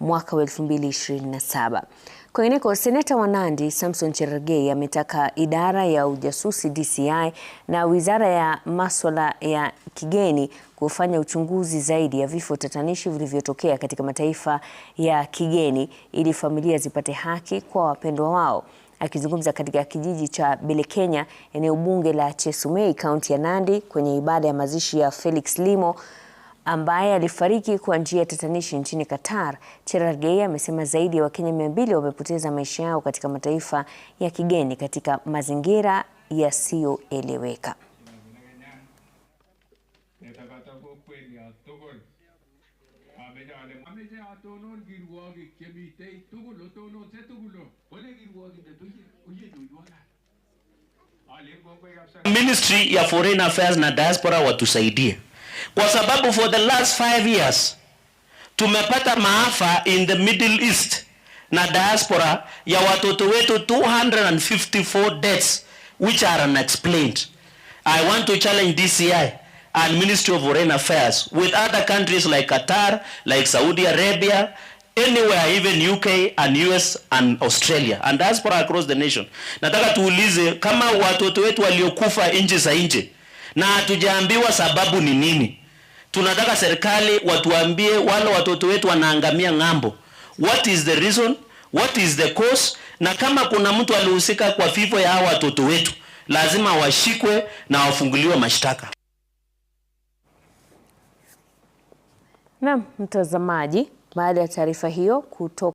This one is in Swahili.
mwaka wa 2027. Kwingineko, seneta wa Nandi Samson Cherargei ametaka idara ya ujasusi DCI na wizara ya maswala ya kigeni kufanya uchunguzi zaidi ya vifo tatanishi vilivyotokea katika mataifa ya kigeni ili familia zipate haki kwa wapendwa wao. Akizungumza katika kijiji cha Belekenya, eneo bunge la Chesumei, kaunti ya Nandi, kwenye ibada ya mazishi ya Felix Limo ambaye alifariki kwa njia ya tatanishi nchini Qatar, Cherargei amesema zaidi ya Wakenya 200 wamepoteza maisha yao katika mataifa ya kigeni katika mazingira yasiyoeleweka. Ministry ya Foreign Affairs na Diaspora watusaidie kwa sababu for the last five years tumepata maafa in the Middle East na diaspora ya watoto wetu 254 deaths which are unexplained. I want to challenge DCI and Ministry of Foreign Affairs with other countries like Qatar, like Saudi Arabia, anywhere even UK and US and Australia and diaspora across the nation. Nataka tuulize kama watoto wetu waliokufa nje za nje na hatujaambiwa sababu ni nini. Tunataka serikali watuambie wale watoto wetu wanaangamia ng'ambo, what is the reason, what is the cause, na kama kuna mtu alihusika kwa vifo ya hawa watoto wetu lazima washikwe na wafunguliwe mashtaka. Naam mtazamaji, baada ya taarifa hiyo kutoka